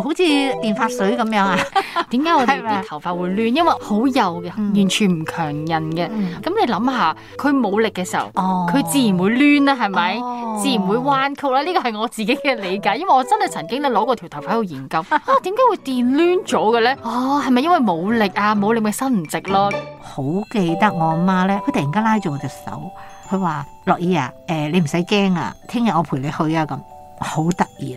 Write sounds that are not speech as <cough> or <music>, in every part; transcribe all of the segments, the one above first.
好似電髮水咁樣啊？點解 <laughs> 我哋啲頭髮會亂？因為好幼嘅，完全唔強韌嘅。咁、嗯、你諗下，佢冇力嘅時候，佢、哦、自然會亂啦，係咪？哦、自然會彎曲啦。呢個係我自己嘅理解，因為我真係曾經咧攞過條頭髮喺度研究。啊，點解會電亂咗嘅咧？ <laughs> 哦，係咪因為冇力啊？冇力咪伸唔直咯？好記得我阿媽咧，佢突然間拉住我隻手，佢話：樂怡啊，誒，你唔使驚啊，聽日我陪你去啊咁。好突然，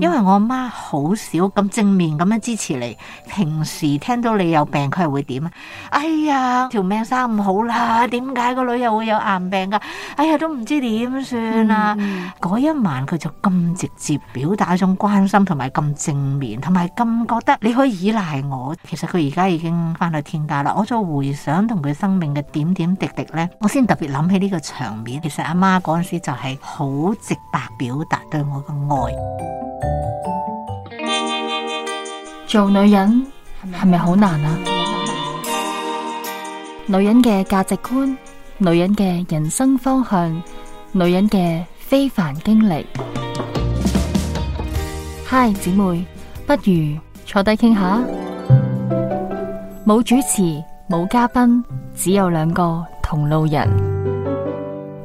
因為我媽好少咁正面咁樣支持你。平時聽到你有病，佢係會點啊？哎呀，條命生唔好啦，點解個女又會有癌病㗎？哎呀，都唔知點算啊！嗰、嗯、一晚佢就咁直接表達一種關心，同埋咁正面，同埋咁覺得你可以依賴我。其實佢而家已經翻去天家啦。我再回想同佢生命嘅點點滴滴呢，我先特別諗起呢個場面。其實阿媽嗰陣時就係好直白表達對我。愛做女人係咪好難啊？女人嘅價值觀，女人嘅人生方向，女人嘅非凡經歷。嗨，姐妹，不如坐低傾下。冇主持，冇嘉賓，只有兩個同路人，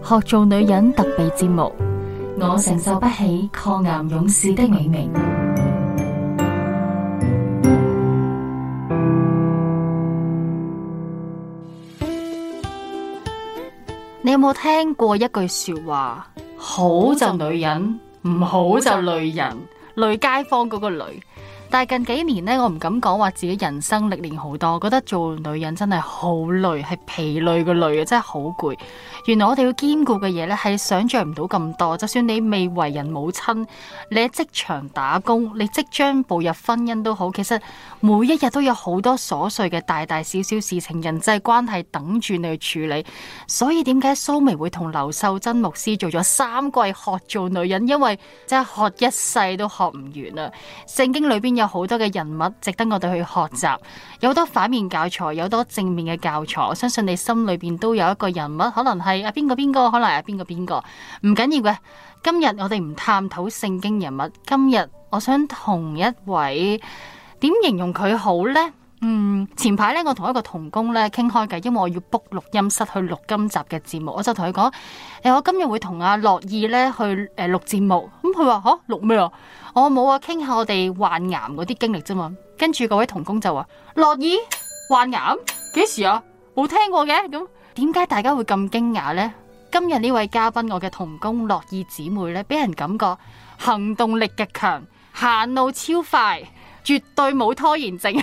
學做女人特備節目。我承受不起抗癌勇士的美名。你有冇聽過一句說話？好就女人，唔好就累人，累街坊嗰個累。但係近幾年咧，我唔敢講話自己人生歷練好多，覺得做女人真係好累，係疲累嘅累啊，真係好攰。原來我哋要兼顧嘅嘢咧，係想象唔到咁多。就算你未為人母親，你喺職場打工，你即將步入婚姻都好，其實每一日都有好多瑣碎嘅大大小小事情、人際關係等住你去處理。所以點解蘇眉會同劉秀珍牧師做咗三季學做女人？因為真係學一世都學唔完啊，聖經裏邊有。有好多嘅人物值得我哋去學習，有好多反面教材，有好多正面嘅教材。我相信你心裏邊都有一個人物，可能係阿邊個邊個，可能係阿邊個邊個，唔緊要嘅。今日我哋唔探討聖經人物，今日我想同一位，點形容佢好呢？嗯，前排呢，我同一個同工咧傾開偈，因為我要 book 錄音室去錄今集嘅節目，我就同佢講，誒，我今日會同阿樂意咧去誒錄節目，咁佢話吓錄咩啊？我冇啊，傾下我哋患癌嗰啲經歷啫嘛。跟住各位同工就話，樂意？患癌，幾時啊？冇聽過嘅，咁點解大家會咁驚訝呢？今日呢位嘉賓，我嘅同工樂意姊妹呢，俾人感覺行動力極強，行路超快，絕對冇拖延症。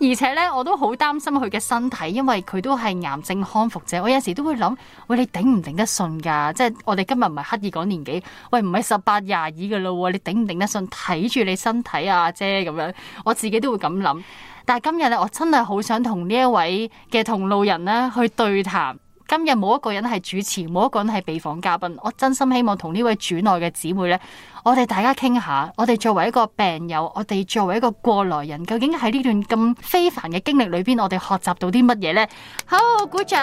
而且咧，我都好擔心佢嘅身體，因為佢都係癌症康復者。我有時都會諗，喂，你頂唔頂得順噶？即係我哋今日唔係刻意講年紀，喂，唔係十八廿二噶啦，你頂唔頂得順？睇住你身體啊，姐。咁樣，我自己都會咁諗。但係今日咧，我真係好想同呢一位嘅同路人咧去對談。今日冇一個人係主持，冇一個人係被訪嘉賓。我真心希望同呢位主內嘅姊妹咧。我哋大家傾下，我哋作為一個病友，我哋作為一個過來人，究竟喺呢段咁非凡嘅經歷裏邊，我哋學習到啲乜嘢咧？好，鼓掌，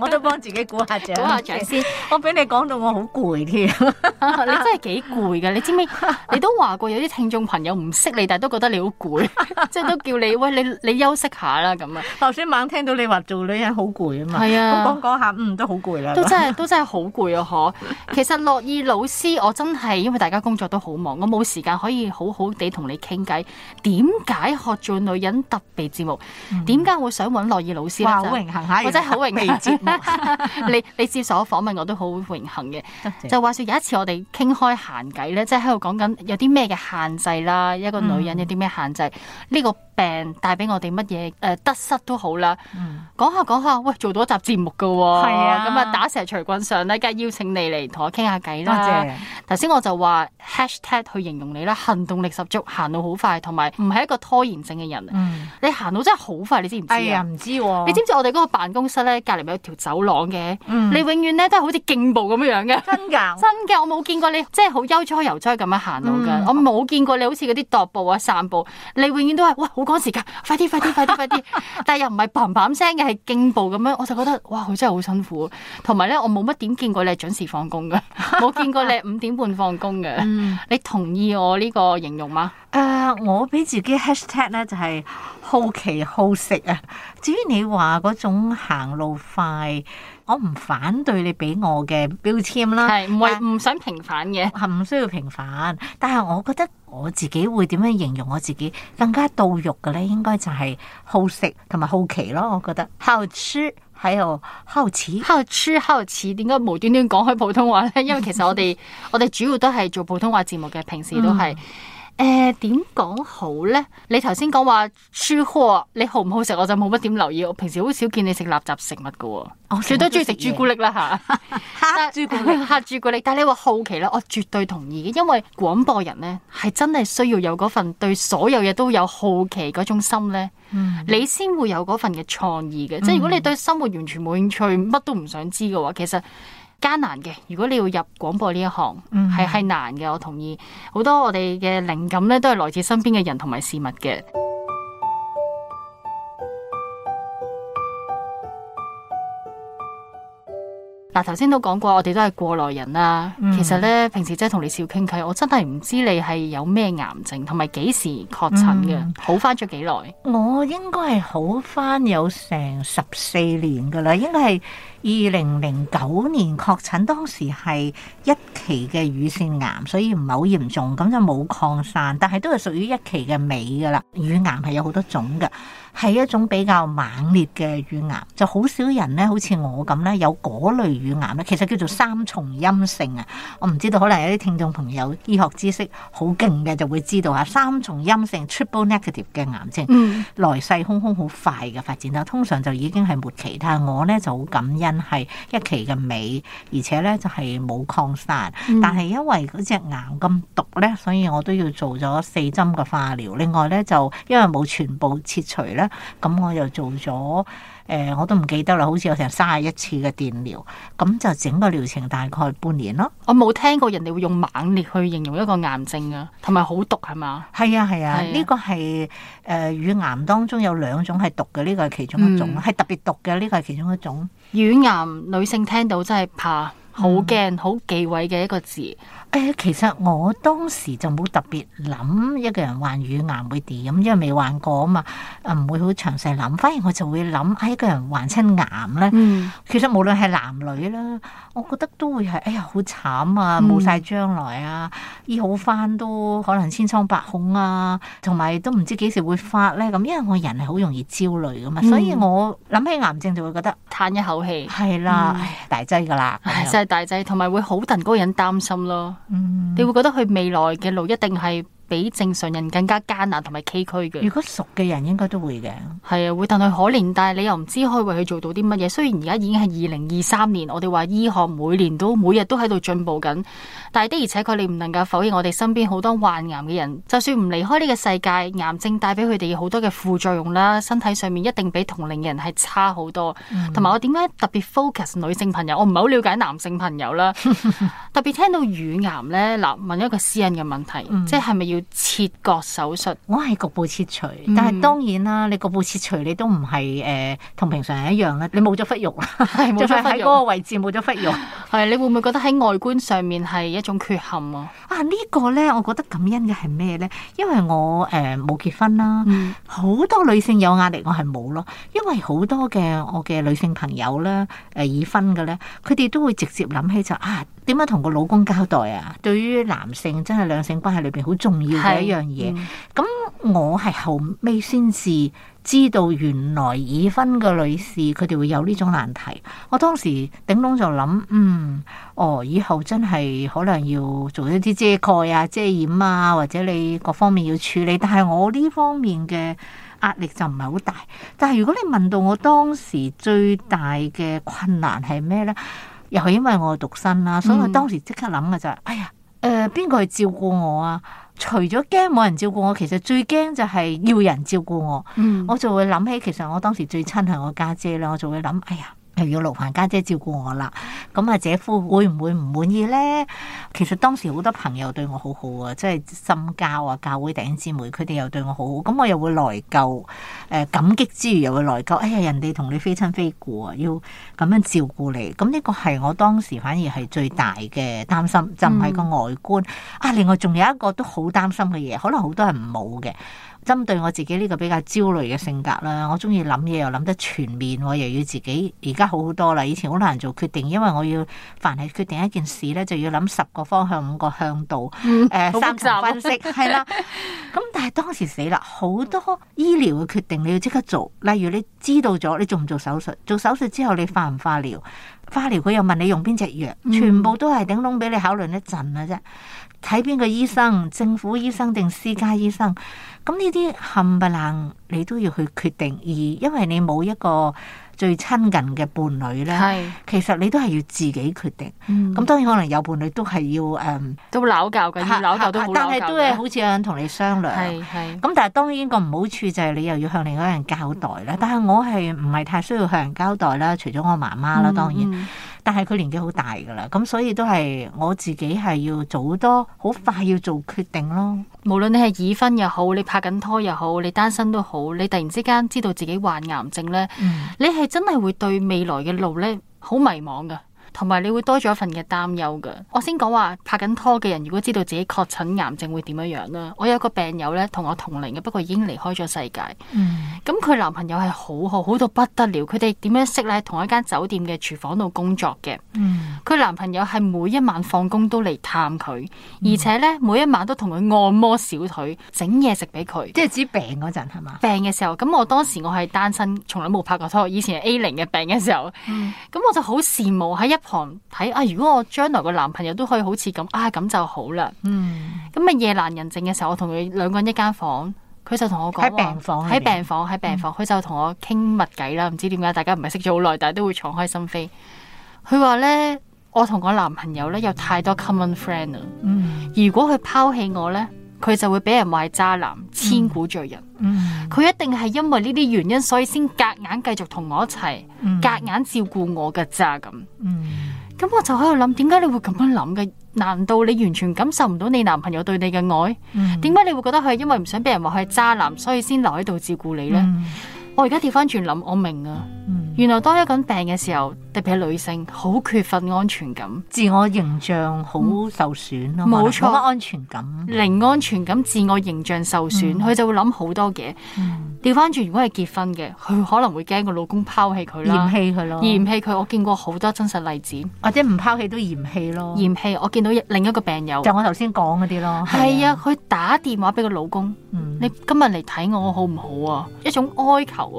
我都幫自己鼓下掌。鼓下掌先， <music> 我俾你講到我好攰添，你真係幾攰㗎！你知唔知？你都話過有啲聽眾朋友唔識你，但係都覺得你好攰，即係都叫你喂，你你休息下啦咁啊！頭先猛聽到你話做女人好攰啊嘛，都講講下，嗯都好攰啦，都真係都真係好攰啊！嗬， <laughs> <music> 其實樂意老師，我真係。因為大家工作都好忙，我冇時間可以好好地同你傾偈。點解學做女人特備節目？點解會想揾樂意老師？哇，好榮幸吓，我真係好榮幸。 <laughs> <laughs> 你你接受我訪問我都好榮幸嘅。謝謝。就話說有一次我哋傾開閒偈呢即係喺度講緊有啲咩嘅限制啦，一個女人有啲咩限制呢？嗯，這個？誒，帶俾我哋乜嘢誒得失都好啦。嗯，講下講下，喂，做到一集節目噶。哦，係啊。咁啊，打蛇隨棍上咧，梗係邀請你嚟同我傾下偈啦。頭先謝我就話 #hashtag 去形容你啦，行動力十足，行到好快，同埋唔係一個拖延症嘅人。嗯、你行到真係好快，你知唔知啊？唔、哎、知、啊？你知唔知我哋嗰個辦公室咧，隔籬咪有條走廊嘅？嗯、你永遠咧都係好似競步咁樣嘅。真噶？真噶？我冇見過你，即係好悠哉游哉咁樣行路噶。嗯、我冇見過你好似嗰啲踱步啊、散步，你永遠都係，哇，好！嗰時間， <laughs> 快啲快啲快啲快啲！但係又唔係嘭嘭聲嘅，係勁步咁樣，我就覺得哇，佢真係好辛苦。同埋咧，我冇乜點見過你係準時放工嘅，冇 <laughs> 見過你五點半放工嘅。 <laughs> 你同意我呢個形容嗎？誒，uh, 我俾自己 hashtag 咧就係、是、好奇好食啊。至於你話嗰種行路快。我唔反對你俾我嘅標籤啦，係唔係唔想平反嘅？係唔需要平反， <laughs> 但係我覺得我自己會點樣形容我自己更加到肉嘅咧？應該就係好食同埋好奇咯。我覺得。好吃，係啊，好吃，好吃，好吃，點解無端端講開普通話咧？ <laughs> 因為其實我哋 <laughs> 我哋主要都係做普通話節目嘅，平時都係。嗯誒，點講、呃、好咧？你頭先講話朱古，你好唔好食我就冇乜點留意。我平時好少見你食垃圾食物噶，我最多中意食朱古力啦吓。朱古力，黑 <laughs> 朱古力。但係你話好奇咧，我絕對同意嘅。因為廣播人咧，係真係需要有嗰份對所有嘢都有好奇嗰種心咧，嗯、你先會有嗰份嘅創意嘅。嗯、即係如果你對生活完全冇興趣，乜都唔想知嘅話，其實。艱難嘅，如果你要入廣播呢一行，係係、嗯、難嘅。我同意，好多我哋嘅靈感咧，都係來自身邊嘅人同埋事物嘅。嗱，頭先都講過，我哋都係過來人啦。嗯、其實咧，平時即係同你笑傾偈，我真係唔知你係有咩癌症，同埋幾時確診嘅，好翻咗幾耐？我應該係好翻有成十四年噶啦，應該係二零零九年確診，當時係一期嘅乳腺癌，所以唔係好嚴重，咁就冇擴散，但係都係屬於一期嘅尾噶啦。乳癌係有好多種嘅。係一種比較猛烈嘅乳癌，就好少人咧，好似我咁咧，有嗰類乳癌咧，其實叫做三重陰性啊！我唔知道，可能有啲聽眾朋友醫學知識好勁嘅就會知道啊。三重陰性 （triple negative） 嘅癌症，嗯、來勢洶洶，好快嘅發展。但係通常就已經係末期。但係我咧就好感恩，係一期嘅尾，而且咧就係冇擴散。嗯、但係因為嗰隻癌咁毒咧，所以我都要做咗四針嘅化療。另外咧，就因為冇全部切除咁我又做咗誒、呃，我都唔記得啦，好似有成三十一次嘅電療，咁就整個療程大概半年咯。我冇聽過人哋會用猛烈去形容一個癌症啊，同埋好毒係嘛？係啊係啊，呢、啊、個係誒、呃、乳癌當中有兩種係毒嘅，呢、這個係其中一種，係、嗯、特別毒嘅，呢、這個係其中一種。乳癌女性聽到真係怕，好驚，好、嗯、忌諱嘅一個字。誒、哎，其實我當時就冇特別諗一個人患乳癌會點，因為未患過啊嘛，唔會好詳細諗。反而我就會諗，啊，一個人患親癌咧，嗯、其實無論係男女啦，我覺得都會係，哎呀，好慘啊，冇晒將來啊，醫好翻都可能千瘡百孔啊，同埋都唔知幾時會發咧。咁因為我人係好容易焦慮噶嘛，嗯、所以我諗起癌症就會覺得嘆一口氣，係啦，哎、大劑噶啦，真係吧、就是、大劑，同埋會好戥嗰個人擔心咯。嗯，你會覺得佢未來嘅路一定係比正常人更加艱難同埋崎嶇嘅。如果熟嘅人應該都會嘅。係啊，會戥佢可憐，但係你又唔知可以為佢做到啲乜嘢。雖然而家已經係二零二三年，我哋話醫學每年都每日都喺度進步緊，但係的而且確你唔能夠否認我哋身邊好多患癌嘅人，就算唔離開呢個世界，癌症帶俾佢哋好多嘅副作用啦，身體上面一定比同齡嘅人係差好多。同埋、嗯、我點解特別 focus 女性朋友，我唔係好了解男性朋友啦。 <laughs> 特別聽到乳癌咧，嗱問一個私隱嘅問題，嗯、即係係咪要？切割手術，我係局部切除，嗯、但係當然啦，你局部切除你都唔係誒同平常人一樣啦，嗯、你冇咗嚿肉啦，係冇喺嗰個位置冇咗嚿肉，係你會唔會覺得喺外觀上面係一種缺陷啊？啊、這個、呢個咧，我覺得感恩嘅係咩咧？因為我誒冇、呃、結婚啦，好、嗯、多女性有壓力，我係冇咯，因為好多嘅我嘅女性朋友咧，誒已婚嘅咧，佢哋都會直接諗起就啊。點解同個老公交代啊？對於男性真係兩性關係裏邊好重要嘅一樣嘢。咁、嗯、我係後尾先至知道，原來已婚嘅女士佢哋會有呢種難題。我當時頂籠就諗，嗯，哦，以後真係可能要做一啲遮蓋啊、遮掩啊，或者你各方面要處理。但係我呢方面嘅壓力就唔係好大。但係如果你問到我當時最大嘅困難係咩呢？又係因為我係獨身啦，所以我當時即刻諗嘅就係、是，嗯、哎呀，誒邊個去照顧我啊？除咗驚冇人照顧我，其實最驚就係要人照顧我。嗯、我就會諗起，其實我當時最親係我家姐啦，我就會諗，哎呀。係要勞煩家姐照顧我啦，咁啊姐夫會唔會唔滿意咧？其實當時好多朋友對我好好啊，即係深交啊，教會弟兄姊妹，佢哋又對我好好，咁我又會內疚，誒感激之餘又會內疚，哎呀人哋同你非親非故啊，要咁樣照顧你，咁呢個係我當時反而係最大嘅擔心，就唔係個外觀啊。嗯、另外仲有一個都好擔心嘅嘢，可能多好多人唔冇嘅。針對我自己呢個比較焦慮嘅性格啦，我中意諗嘢又諗得全面，又要自己而家好好多啦。以前好難做決定，因為我要凡係決定一件事咧，就要諗十個方向、五個向度，誒、呃嗯、三層分析，係啦。 <laughs> 咁但係當時死啦，好多醫療嘅決定你要即刻做，例如你知道咗你做唔做手術，做手術之後你化唔化療，化療佢又問你用邊隻藥，全部都係頂籠俾你考慮一陣嘅啫。睇邊個醫生，政府醫生定私家醫生？咁呢啲冚唪唥，你都要去決定，而因為你冇一個最親近嘅伴侶咧，是其實你都係要自己決定。咁、嗯、當然可能有伴侶都係要，誒、um，都嗌交嘅，嗌交都教，但係都係好似有人同你商量。係係。咁但係當然個唔好處就係你又要向另外一個人交代啦。嗯、但係我係唔係太需要向人交代啦，除咗我媽媽啦，當然。嗯嗯但係佢年紀好大噶啦，咁所以都係我自己係要做多，好快要做決定咯。無論你係已婚又好，你拍緊拖又好，你單身都好，你突然之間知道自己患癌症呢，嗯、你係真係會對未來嘅路呢好迷茫噶。同埋你會多咗一份嘅擔憂㗎。我先講話拍緊拖嘅人，如果知道自己確診癌症會點樣樣啦。我有一個病友咧，同我同齡嘅，不過已經離開咗世界。嗯。咁佢男朋友係好好，好到不得了。佢哋點樣識咧？同一間酒店嘅廚房度工作嘅。佢、嗯、男朋友係每一晚放工都嚟探佢，嗯、而且咧每一晚都同佢按摩小腿，整嘢食俾佢。即係指病嗰陣係嘛？病嘅時候，咁我當時我係單身，從來冇拍過拖。以前係 A 零嘅病嘅時候，咁、嗯、我就好羨慕喺一。旁睇啊！如果我將來個男朋友都可以好似咁啊，咁就好啦。嗯，咁啊夜闌人靜嘅時候，我同佢兩個人一間房，佢就同我講喺病房喺病房喺病房，佢、嗯、就同我傾密偈啦。唔、嗯、知點解大家唔係識咗好耐，但係都會敞開心扉。佢話咧，我同我男朋友咧有太多 common friend 啦。嗯，如果佢拋棄我咧。佢就會俾人話係渣男，千古罪人。佢、嗯嗯、一定係因為呢啲原因，所以先隔硬繼續同我一齊，隔、嗯、硬照顧我㗎咋咁。咁、嗯、我就喺度諗，點解你會咁樣諗嘅？難道你完全感受唔到你男朋友對你嘅愛？點解、嗯、你會覺得佢係因為唔想俾人話佢係渣男，所以先留喺度照顧你呢？嗯嗯我而家調翻轉諗，我明啊，原來當一個人病嘅時候，特別係女性，好缺乏安全感，自我形象好受損咯，冇錯，安全感，零安全感，自我形象受損，佢就會諗好多嘢。調翻轉，如果係結婚嘅，佢可能會驚個老公拋棄佢啦，嫌棄佢咯，嫌棄佢。我見過好多真實例子，或者唔拋棄都嫌棄咯，嫌棄。我見到另一個病友，就我頭先講嗰啲咯，係啊，佢打電話俾個老公，你今日嚟睇我好唔好啊？一種哀求。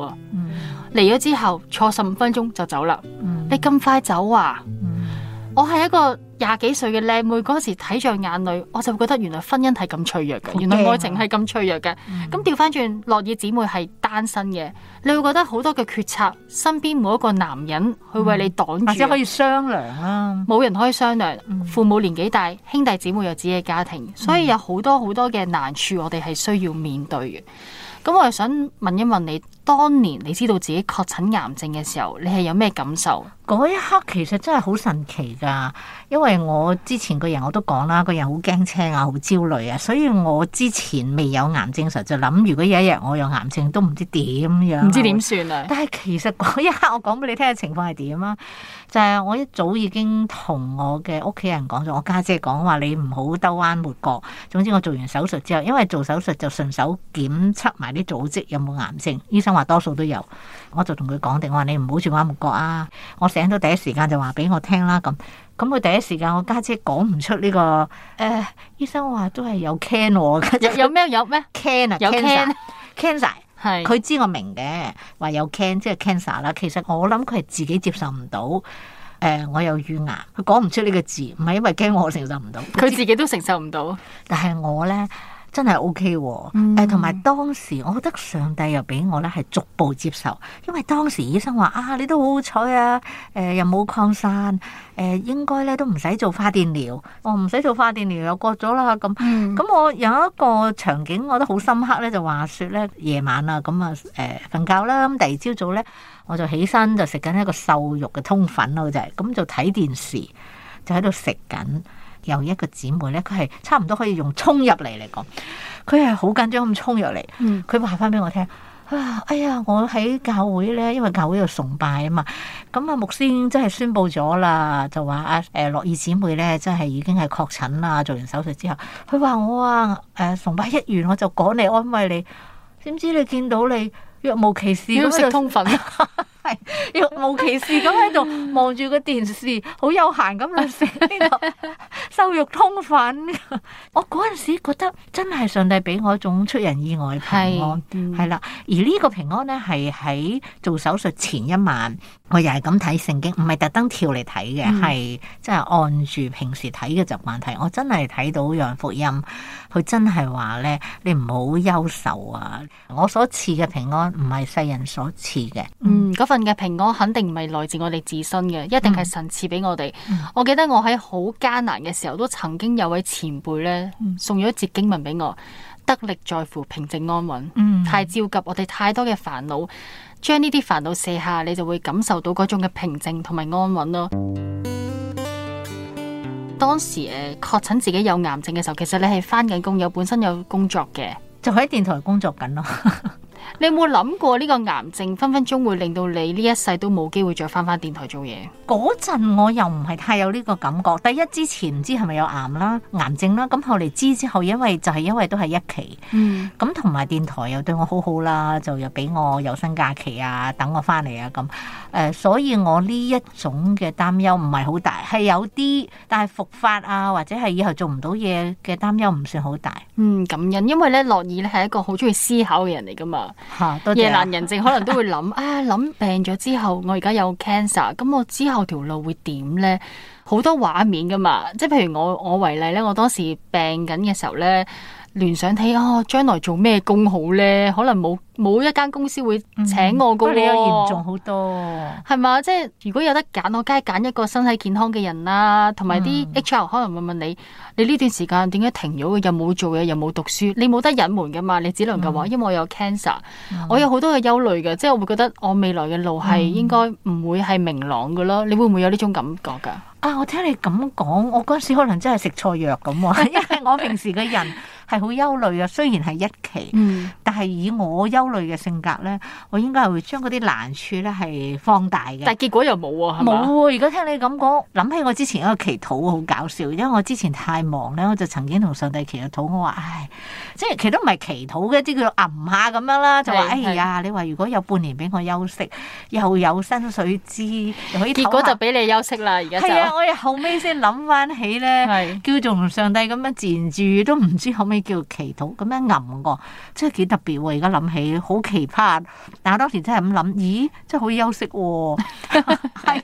嚟咗、嗯、之後坐十五分鐘就走啦。嗯、你咁快走啊？嗯、我係一個廿幾歲嘅靚妹嗰時睇在眼裏，我就覺得原來婚姻係咁脆弱嘅，啊、原來愛情係咁脆弱嘅。咁調翻轉，落雨姊妹係單身嘅，你會覺得好多嘅決策，身邊冇一個男人去為你擋住，或者、嗯、可以商量啊。冇人可以商量，嗯、父母年紀大，兄弟姊妹有自己嘅家庭，所以有好多好多嘅難處，我哋係需要面對嘅。咁我係想問一問你。當年你知道自己確診癌症嘅時候，你係有咩感受？嗰一刻其實真係好神奇噶，因為我之前個人我都講啦，個人好驚青啊，好焦慮啊，所以我之前未有癌症時候，實就諗如果有一日我有癌症，都唔知點樣，唔知點算啊。但係其實嗰一刻我講俾你聽嘅情況係點啊？就係、是、我一早已經同我嘅屋企人講咗，我家姐講話你唔好兜彎抹角。總之我做完手術之後，因為做手術就順手檢測埋啲組織有冇癌症，醫生話多數都有。我就同佢講定，我話你唔好轉眼目角啊！我醒到第一時間就話俾我聽啦咁。咁佢第一時間，我家姐講唔出呢、這個誒、呃，醫生話都係有 can 㗎。 <laughs> 有咩有咩？can 啊，cancer，cancer 係。佢知我明嘅，話有 can 即係 cancer 啦。其實我諗佢係自己接受唔到。誒、呃，我有乳癌，佢講唔出呢個字，唔係因為驚我，我承受唔到，佢自，自己都承受唔到。但係我咧。真係 O K 喎，同埋、嗯、當時我覺得上帝又俾我咧係逐步接受，因為當時醫生話啊，你都好好彩啊，誒、呃、又冇擴散，誒、呃、應該咧都唔使做化電療、哦、療，我唔使做化電療又過咗啦咁，咁、嗯、我有一個場景我都好深刻咧，就話説咧夜晚啊咁啊誒瞓覺啦，咁第二朝早咧我就起身就食緊一個瘦肉嘅通粉咯就係，咁就睇電視就喺度食緊。有一個姊妹咧，佢係差唔多可以用衝入嚟嚟講，佢係好緊張咁衝入嚟，佢話翻俾我聽，啊，哎呀，我喺教會咧，因為教會有崇拜啊嘛，咁啊牧師已經真係宣布咗啦，就話阿誒樂兒姊妹咧，真係已經係確診啦，做完手術之後，佢話我啊，誒崇拜一完我就趕嚟安慰你，點知你見到你若無其事咁食通粉。 <laughs> 係，若 <laughs> 無其事咁喺度望住個電視，好悠閒咁樣食呢度瘦肉通粉。 <laughs> 我嗰陣時覺得真係上帝俾我一種出人意外嘅平安，係啦的。而呢個平安咧，係喺做手術前一晚，我又係咁睇聖經，唔係特登跳嚟睇嘅，係即係按住平時睇嘅習慣睇。我真係睇到樣福音，佢真係話咧，你唔好憂愁啊！我所賜嘅平安，唔係世人所賜嘅。嗯，嗯份嘅平安肯定唔係來自我哋自身嘅，一定係神賜俾我哋。嗯嗯、我記得我喺好艱難嘅時候，都曾經有位前輩呢送咗一節經文俾我，得力在乎平靜安穩。嗯、太焦急，我哋太多嘅煩惱，將呢啲煩惱卸下，你就會感受到嗰種嘅平靜同埋安穩咯。當時誒、呃、確診自己有癌症嘅時候，其實你係返緊工，有本身有工作嘅，就喺電台工作緊咯。 <laughs> 你有冇諗過呢個癌症分分鐘會令到你呢一世都冇機會再翻翻電台做嘢？嗰陣我又唔係太有呢個感覺。第一之前唔知係咪有癌啦、癌症啦，咁後嚟知之後，因為就係因為都係一期，咁同埋電台又對我好好啦，就又俾我有薪假期啊，等我翻嚟啊咁。誒、呃，所以我呢一種嘅擔憂唔係好大，係有啲，但係復發啊，或者係以後做唔到嘢嘅擔憂唔算好大。嗯，感恩，因為咧，樂兒咧係一個好中意思考嘅人嚟噶嘛。夜闌、啊、人靜可能都會諗， <laughs> 啊諗病咗之後，我而家有 cancer，咁我之後條路會點呢？好多畫面㗎嘛，即係譬如我我為例咧，我當時病緊嘅時候咧，聯想睇哦，將、啊、來做咩工好呢？可能冇。冇一間公司會請我噶喎，不過、嗯、你又嚴重好多，係嘛？即係如果有得揀，我梗係揀一個身體健康嘅人啦。同埋啲 HR 可能會問你：嗯、你呢段時間點解停咗？又冇做嘢，又冇讀書，你冇得隱瞞㗎嘛？你只能夠話因為我有 cancer、嗯、我有好多嘅憂慮嘅，即係我會覺得我未來嘅路係應該唔會係明朗㗎囉。嗯、你會唔會有呢種感覺㗎？啊！我聽你咁講，我嗰時可能真係食錯藥咁喎， <laughs> 因為我平時嘅人係好憂慮嘅。雖然係一期，嗯、但係以我焦慮嘅性格咧，我應該係會將嗰啲難處咧係放大嘅。但係結果又冇啊，冇喎吧！而家、啊、聽你咁講，諗起我之前一個祈禱好搞笑，因為我之前太忙咧，我就曾經同上帝祈禱，我話：唉，即係其實都唔係祈禱嘅，即係叫做揞下咁樣啦，就話：哎呀，你話如果有半年俾我休息，又有薪水知，又可以結果就俾你休息啦。而家就係啊！我後尾先諗翻起咧， <laughs> 是叫做同上帝咁樣自然自語，都唔知後尾叫做祈禱咁樣揞過，真係幾特別喎！而家諗起。好奇葩，但我當時真係咁諗，咦，真係好休息喎，哦，係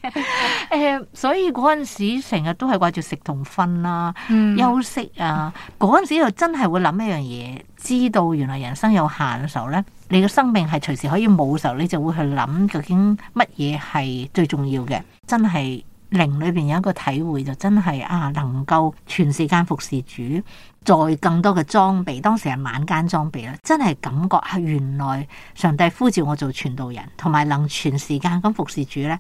誒，所以嗰陣時成日都係掛住食同瞓啦，休息啊，嗰陣、嗯、時又真係會諗一樣嘢，知道原來人生有限嘅時候呢，你嘅生命係隨時可以冇嘅時候，你就會去諗究竟乜嘢係最重要嘅，真係。靈裏邊有一個體會就真係啊，能夠全時間服侍主，在更多嘅裝備，當時係晚間裝備啦，真係感覺係原來上帝呼召我做傳道人，同埋能全時間咁服侍主呢。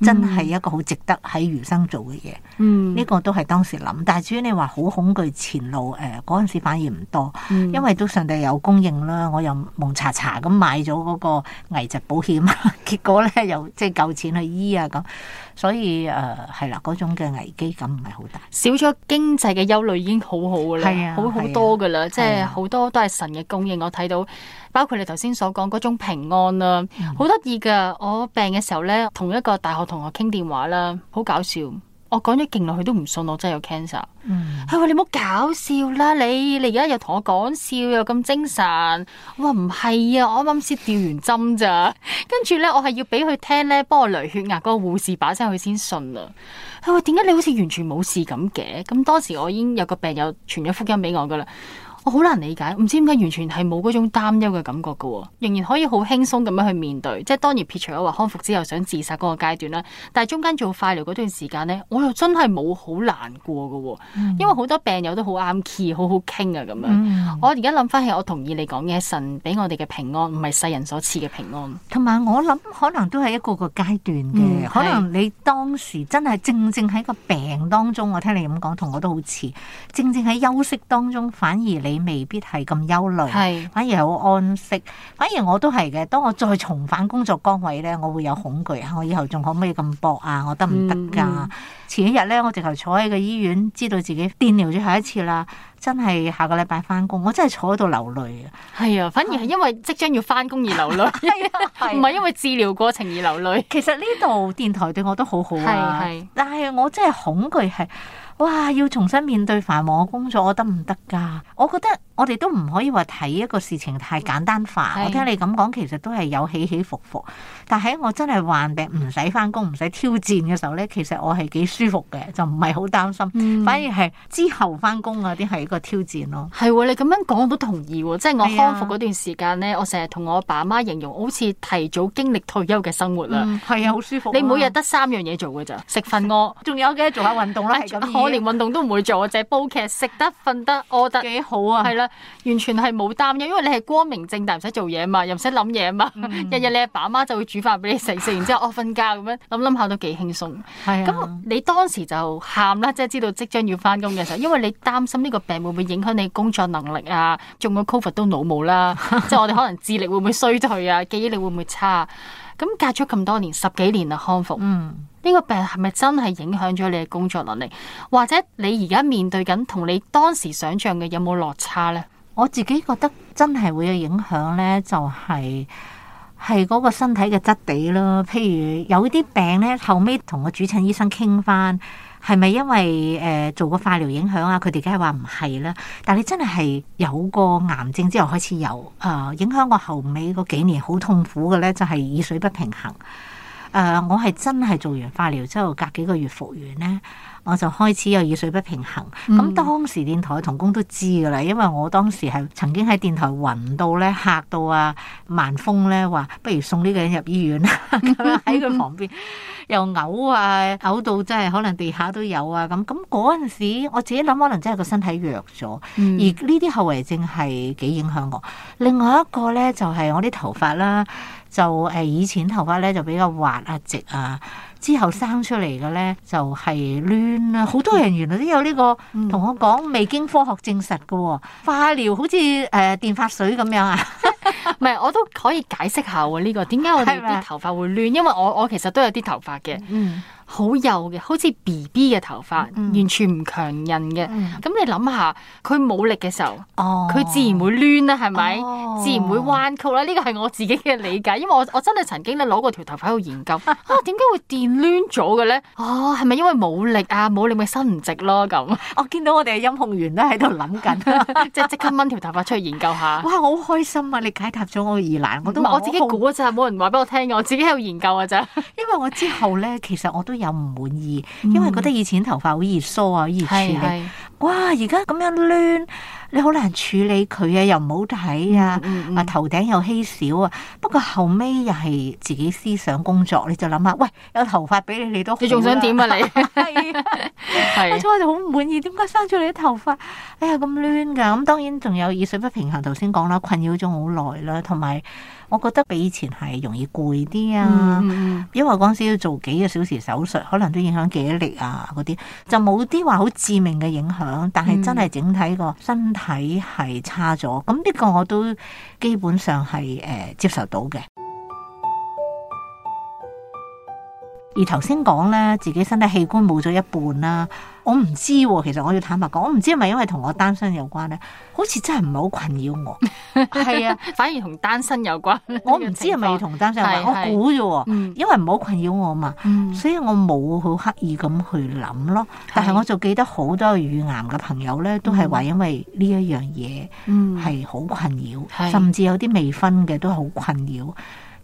真係一個好值得喺餘生做嘅嘢，嗯、呢個都係當時諗。但係至於你話好恐懼前路，誒嗰陣時反而唔多，嗯、因為都上帝有供應啦，我又蒙查查咁買咗嗰個危疾保險，結果咧又即係夠錢去醫啊咁，所以誒、呃、係啦，嗰種嘅危機感唔係好大，少咗經濟嘅憂慮已經好好噶啦，啊、好好多噶啦，即係好多都係神嘅供應，啊、我睇到。包括你頭先所講嗰種平安啦、啊，好得意噶！我病嘅時候咧，同一個大學同學傾電話啦，好搞笑。我講咗勁耐，佢都唔信我真係有 cancer。佢話、mm hmm. 你唔好搞笑啦，你你而家又同我講笑，又咁精神。我話唔係啊，我啱啱先吊完針咋。 <laughs> 跟住咧，我係要俾佢聽咧，幫我量血壓嗰個護士把聲，佢先信啊。佢話點解你好似完全冇事咁嘅？咁當時我已經有個病友傳咗福音俾我噶啦。我好難理解，唔知點解完全係冇嗰種擔憂嘅感覺嘅、哦，仍然可以好輕鬆咁樣去面對，即係當然撇除咗話康復之後想自殺嗰個階段啦。但係中間做化療嗰段時間咧，我又真係冇好難過嘅、哦，嗯、因為好多病友都好啱 key，好好傾啊咁樣。嗯、我而家諗翻起，我同意你講嘅，神俾我哋嘅平安，唔係世人所賜嘅平安。同埋我諗，可能都係一個個階段嘅，嗯、可能你當時真係正正喺個病當中，我聽你咁講，同我都好似正正喺休息當中，反而你。未必係咁憂慮，反而好安息。反而我都係嘅。當我再重返工作崗位咧，我會有恐懼。我以後仲可唔可以咁搏行行啊？我得唔得噶？前一日咧，我直頭坐喺個醫院，知道自己電療最後一次啦。真係下個禮拜翻工，我真係坐喺度流淚。係啊，反而係因為即將要翻工而流淚，係 <laughs> 啊，唔係、啊、因為治療過程而流淚。其實呢度電台對我都好好啊，但係我真係恐懼係。哇！要重新面對繁忙嘅工作，我得唔得噶？我覺得我哋都唔可以話睇一個事情太簡單化。的我聽你咁講，其實都係有起起伏伏。但係我真係患病唔使翻工、唔使挑戰嘅時候咧，其實我係幾舒服嘅，就唔係好擔心。嗯、反而係之後翻工嗰啲係一個挑戰咯。係喎，你咁樣講我都同意喎。即係我康復嗰段時間咧，的我成日同我爸媽形容，好似提早經歷退休嘅生活啦。係啊、嗯，好舒服。你每日得三樣嘢做嘅咋？食飯、屙 <laughs> ，仲有嘅做下運動啦。咁。我連運動都唔會做，淨係煲劇、食得、瞓得、屙得幾好啊！係啦，完全係冇擔憂，因為你係光明正大唔使做嘢嘛，又唔使諗嘢嘛。日日、嗯、 <laughs> 你阿爸阿媽就會煮飯俾你食，食完之後我瞓覺咁樣，諗諗下都幾輕鬆。係咁、啊，你當時就喊啦，即係知道即將要翻工嘅時候，因為你擔心呢個病會唔會影響你工作能力啊？中咗 Covid 都腦霧啦，即係 <laughs> 我哋可能智力會唔會衰退啊？記憶力會唔會差、啊？咁隔咗咁多年，十幾年啦康復，嗯、呢個病係咪真係影響咗你嘅工作能力？或者你而家面對緊同你當時想象嘅有冇落差呢？我自己覺得真係會有影響呢，就係係嗰個身體嘅質地咯。譬如有啲病呢，後尾同個主診醫生傾翻。係咪因為誒做過化療影響啊？佢哋梗係話唔係啦。但係你真係係有過癌症之後開始有誒、呃、影響我後尾嗰幾年好痛苦嘅咧，就係、是、耳水不平衡。誒，我係真係做完化療之後，隔幾個月復原咧，我就開始有耳水不平衡。咁、嗯、當時電台同工都知㗎喇，因為我當時係曾經喺電台暈到咧，嚇到啊萬峰咧話，不如送呢個人入醫院啦，咁、嗯、樣喺佢旁邊、嗯、又嘔啊，嘔到真係可能地下都有啊咁。咁嗰陣時我自己諗，可能真係個身體弱咗，嗯、而呢啲後遺症係幾影響我。另外一個咧，就係、是、我啲頭髮啦。就誒以前頭髮咧就比較滑啊直啊，之後生出嚟嘅咧就係、是、攣啊。好多人原來都有呢、這個，同、嗯、我講未經科學證實嘅喎、哦，化療好似誒、呃、電髮水咁樣啊？唔 <laughs> 係， <laughs> 我都可以解釋下喎、哦、呢、這個點解我哋啲頭髮會攣？吧因為我我其實都有啲頭髮嘅。嗯好幼嘅，好似 B B 嘅頭髮，完全唔強韌嘅。咁你諗下，佢冇力嘅時候，佢自然會攣啦，係咪？自然會彎曲啦。呢個係我自己嘅理解，因為我我真係曾經咧攞過條頭髮喺度研究。啊，點解會電攣咗嘅咧？哦，係咪因為冇力啊？冇力咪伸唔直咯咁。我見到我哋嘅音控員咧喺度諗緊，即係即刻掹條頭髮出去研究下。哇，好開心啊！你解答咗我疑難，我都我自己估咋，冇人話俾我聽，我自己喺度研究嘅咋。因為我之後咧，其實我都，又唔滿意，因為覺得以前頭髮好易梳啊，好易處理。是是哇，而家咁樣亂，你好難處理佢啊，又唔好睇啊，啊頭頂又稀少啊。不過後尾又係自己思想工作，你就諗下，喂，有頭髮俾你，你都你仲想點啊？你我初時好唔滿意，點解生咗你啲頭髮？哎呀，咁亂噶！咁當然仲有耳水不平衡，頭先講啦，困擾咗好耐啦，同埋。我覺得比以前係容易攰啲啊，嗯、因為嗰陣時要做幾個小時手術，可能都影響記憶力啊嗰啲，就冇啲話好致命嘅影響。但係真係整體個身體係差咗，咁呢、嗯、個我都基本上係誒、呃、接受到嘅。嗯、而頭先講咧，自己身體器官冇咗一半啦、啊。我唔知喎，其實我要坦白講，我唔知係咪因為同我單身有關咧，好似真係唔係好困擾我。係 <laughs> 啊，反而同單身有關。 <laughs> 我唔知係咪同單身有關， <laughs> 係係我估啫喎。嗯、因為唔好困擾我嘛，嗯、所以我冇好刻意咁去諗咯。嗯、但係我就記得好多乳癌嘅朋友咧，都係話因為呢一樣嘢，係好困擾，嗯、甚至有啲未婚嘅都好困擾。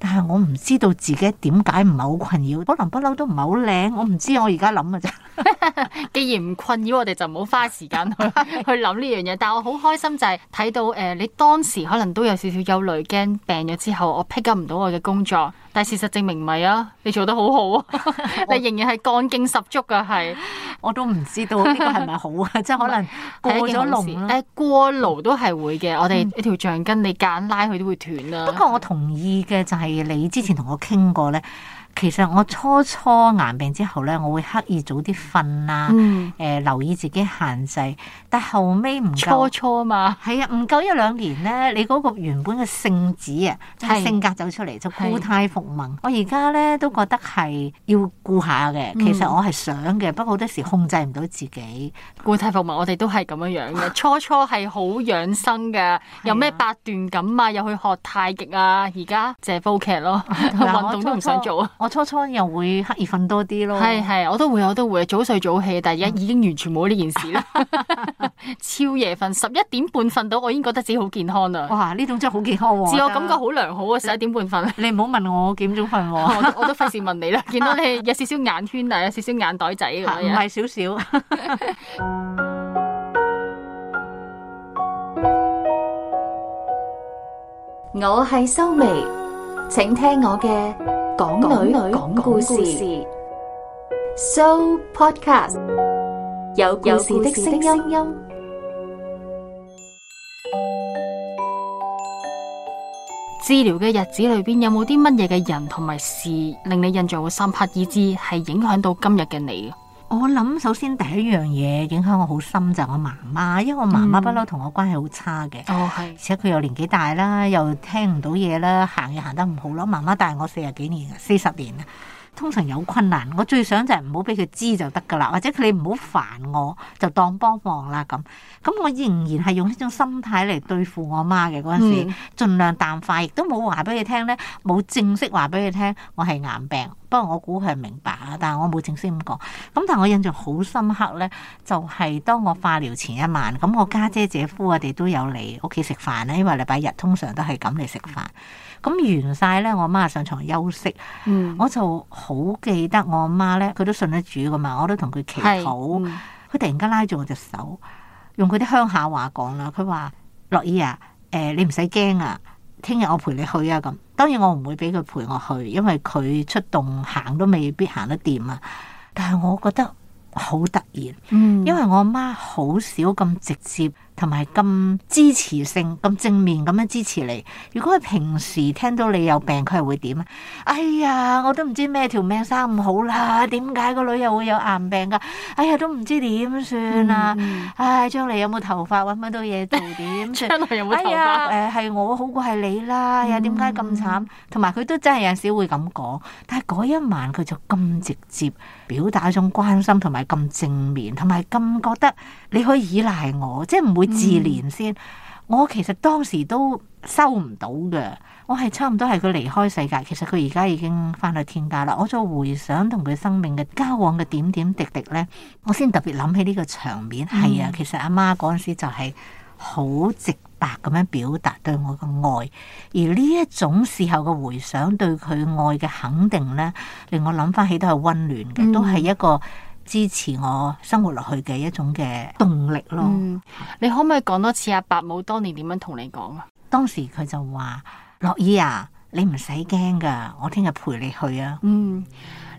但係我唔知道自己點解唔係好困擾，可能不嬲都唔係好靚，我唔知我而家諗嘅啫。 <laughs> <laughs> 既然唔困擾，我哋就唔好花時間去去諗呢樣嘢。但我好開心就係睇到誒、呃，你當時可能都有少少憂慮，驚病咗之後我 pick up 唔到我嘅工作。但事實證明唔係啊，你做得好好，啊， <laughs> 我 你仍然係幹勁十足噶，係我都唔知道呢個係咪好啊？ <laughs> 即係可能過咗籠，誒過爐都係會嘅。嗯、我哋呢條橡筋你揀拉佢都會斷啦。不過我同意嘅就係你之前同我傾過咧。 <laughs> <laughs> 其實我初初癌病之後咧，我會刻意早啲瞓啦，誒、嗯呃、留意自己限制。但後尾唔夠初初啊嘛，係啊，唔夠一兩年咧，你嗰個原本嘅性子啊，是性格走出嚟就故態復萌。是我而家咧都覺得係要顧下嘅，嗯、其實我係想嘅，不過好多時控制唔到自己。故態復萌，我哋都係咁樣樣嘅。初初係好養生嘅，有咩八段錦啊，又去學太極啊，而家淨係煲劇咯，運動都唔想做啊。 <laughs> 我初初又會刻意瞓多啲咯，係係，我都會我都會早睡早起，但而家已經完全冇呢件事啦。超夜瞓，十一點半瞓到，我已經覺得自己好健康啦。哇！呢種真係好健康喎，自我感覺好良好啊！十一點半瞓，你唔好問我幾點鐘瞓喎，我都費事問你啦。見到你有少少眼圈啊，有少少眼袋仔咁樣，唔係少少。我係 Soulmate，請聽我嘅。講女女講故事，So Podcast 有故事的聲音。治療嘅日子裏邊，有冇啲乜嘢嘅人同埋事令你印象好深刻，以致係影響到今日嘅你？我諗首先第一樣嘢影響我好深，就我媽媽，因為我媽媽不嬲同我關係好差嘅，而且佢又年紀大啦，又聽唔到嘢啦，行嘢行得唔好咯。媽媽帶我四十幾年，四十年啦。通常有困難，我最想就係唔好俾佢知就得噶啦，或者佢哋唔好煩我，就當幫忙啦咁。咁我仍然係用呢種心態嚟對付我媽嘅嗰陣時，盡量淡化，亦都冇話俾佢聽咧，冇正式話俾佢聽我係癌病。不過我估佢係明白啊，但係我冇正式咁講。咁但係我印象好深刻咧，就係當我化療前一晚，咁我家姐姐夫我哋都有嚟屋企食飯咧，因為禮拜日通常都係咁嚟食飯。咁完晒咧，我媽上床休息，嗯、我就好記得我媽咧，佢都信得主噶嘛，我都同佢祈禱，佢、嗯、突然間拉住我隻手，用佢啲鄉下話講啦，佢話：樂姨啊，誒、呃、你唔使驚啊，聽日我陪你去啊咁。當然我唔會俾佢陪我去，因為佢出動行都未必行得掂啊。但係我覺得好突然，嗯、因為我媽好少咁直接。同埋咁支持性，咁正面咁樣支持你。如果佢平時聽到你有病，佢係會點啊？哎呀，我都唔知咩條命生唔好啦，點解個女又會有癌病噶？哎呀，都唔知點算啊！唉、嗯、將、哎、來有冇頭髮搵唔到嘢做點算？將 <laughs> 來有冇頭髮？哎誒，係我好過係你啦。又點解咁慘？同埋佢都真係有陣時會咁講，但係嗰一晚佢就咁直接。表達一種關心同埋咁正面，同埋咁覺得你可以依賴我，即係唔會自憐先。嗯、我其實當時都收唔到嘅，我係差唔多係佢離開世界。其實佢而家已經翻去天界啦。我再回想同佢生命嘅交往嘅點點滴滴呢，我先特別諗起呢個場面。係、嗯、啊，其實阿媽嗰陣時就係好直。白咁樣表達對我嘅愛，而呢一種事後嘅回想對佢愛嘅肯定呢，令我諗翻起都係溫暖嘅，嗯、都係一個支持我生活落去嘅一種嘅動力咯。嗯、你可唔可以講多次阿伯母當年點樣同你講啊？當時佢就話：樂怡啊，你唔使驚噶，我聽日陪你去啊。嗯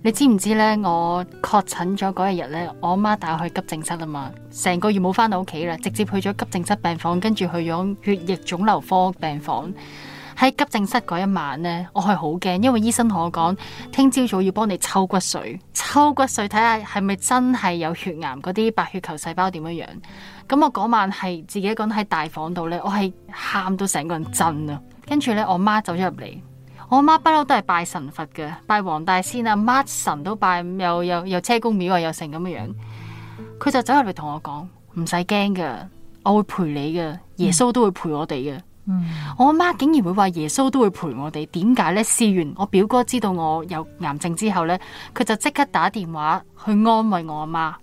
你知唔知咧？我確診咗嗰日日咧，我阿媽帶我去急症室吖嘛，成個月冇返到屋企啦，直接去咗急症室病房，跟住去咗血液腫瘤科病房。喺急症室嗰一晚咧，我係好驚，因為醫生同我講，聽朝早要幫你抽骨髓，抽骨髓睇下係咪真係有血癌嗰啲白血球細胞點樣樣。咁我嗰晚係自己講喺大房度咧，我係喊到成個人震啊！跟住咧，我媽走咗入嚟。我媽不嬲都係拜神佛嘅，拜黃大仙啊，乜神都拜，又又又車公廟啊，又成咁樣樣。佢就走入嚟同我講：唔使驚噶，我會陪你噶，耶穌都會陪我哋嘅。嗯、我阿媽竟然會話耶穌都會陪我哋，點解呢？事緣我表哥知道我有癌症之後呢，佢就即刻打電話去安慰我阿媽。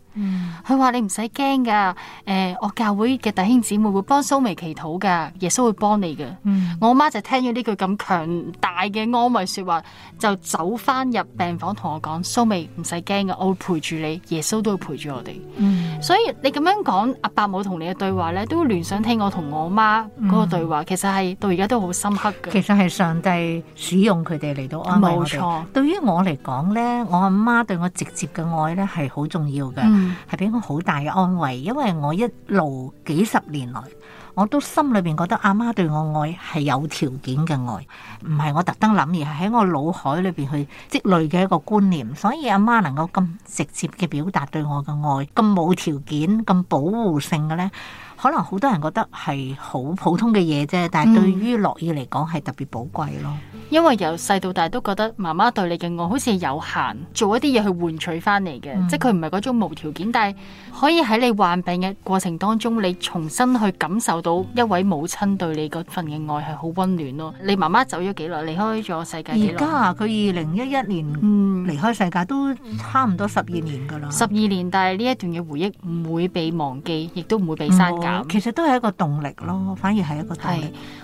佢話、嗯、你唔使驚噶，誒、呃，我教會嘅弟兄姊妹會幫蘇眉祈禱噶，耶穌會幫你噶。嗯，我媽就聽咗呢句咁強大嘅安慰說話，就走翻入病房同我講：蘇眉唔使驚噶，我會陪住你，耶穌都會陪住我哋。嗯、所以你咁樣講阿伯母同你嘅對話咧，都會聯想起我同我媽嗰個對話，嗯、其實係到而家都好深刻嘅。其實係上帝使用佢哋嚟到安慰我哋。冇錯，對於我嚟講咧，我阿媽對我直接嘅愛咧係好重要嘅。嗯係俾我好大嘅安慰，因為我一路幾十年來，我都心裡邊覺得阿媽，媽對我愛係有條件嘅愛，唔係我特登諗，而係喺我腦海裡邊去積累嘅一個觀念。所以阿媽，媽能夠咁直接嘅表達對我嘅愛，咁冇條件、咁保護性嘅呢，可能好多人覺得係好普通嘅嘢啫，但係對於樂兒嚟講係特別寶貴咯。因為由細到大都覺得媽媽對你嘅愛好似有限，做一啲嘢去換取翻嚟嘅，嗯、即係佢唔係嗰種無條件，但係可以喺你患病嘅過程當中，你重新去感受到一位母親對你嗰份嘅愛係好溫暖咯。你媽媽走咗幾耐，離開咗世界幾耐？而家佢二零一一年、嗯、離開世界都差唔多十二年噶啦。十二年，但係呢一段嘅回憶唔會被忘記，亦都唔會被刪減。嗯哦、其實都係一個動力咯，反而係一個係